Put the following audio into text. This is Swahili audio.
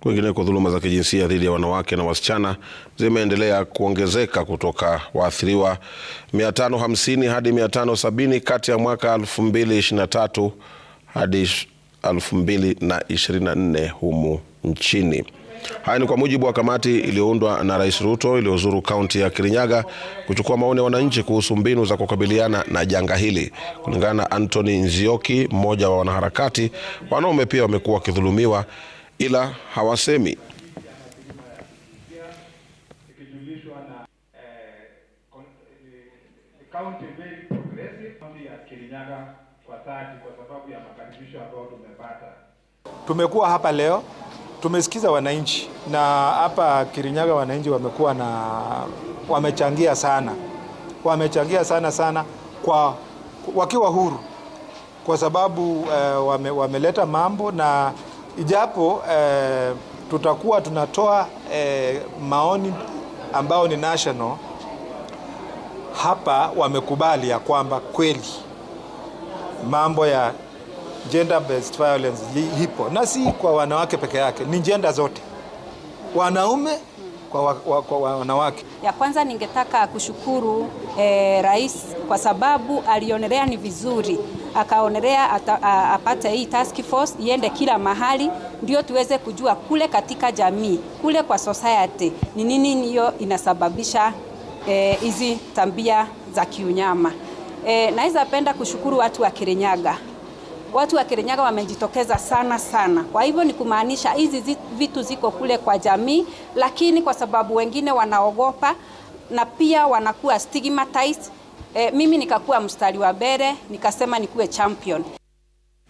Kwingineko, dhuluma za kijinsia dhidi ya wanawake na wasichana zimeendelea kuongezeka kutoka waathiriwa 550 hadi 570 kati ya mwaka 2023 hadi 2024 humu nchini. Haya ni kwa mujibu wa kamati iliyoundwa na Rais Ruto iliyozuru kaunti ya Kirinyaga kuchukua maoni ya wananchi kuhusu mbinu za kukabiliana na janga hili. Kulingana na Anthony Nzioki, mmoja wa wanaharakati, wanaume pia wamekuwa wakidhulumiwa ila hawasemi. Eh, eh, Tumekuwa hapa leo, tumesikiza wananchi, na hapa Kirinyaga wananchi wamekuwa na wamechangia sana, wamechangia sana sana kwa wakiwa huru, kwa sababu eh, wame, wameleta mambo na ijapo eh, tutakuwa tunatoa eh, maoni ambayo ni national. Hapa wamekubali ya kwamba kweli mambo ya gender based violence hipo, na si kwa wanawake peke yake, ni jenda zote, wanaume kwa, wa, wa, kwa wanawake. Ya kwanza ningetaka kushukuru eh, rais kwa sababu alionelea ni vizuri akaonelea apate hii task force iende kila mahali, ndio tuweze kujua kule katika jamii kule kwa society ni nini hiyo inasababisha eh, hizi eh, tabia za kiunyama. Eh, naweza penda kushukuru watu wa Kirinyaga watu wa Kirinyaga wamejitokeza sana sana. Kwa hivyo ni kumaanisha hizi vitu ziko kule kwa jamii, lakini kwa sababu wengine wanaogopa na pia wanakuwa stigmatized. E, mimi nikakuwa mstari wa mbele nikasema nikuwe champion.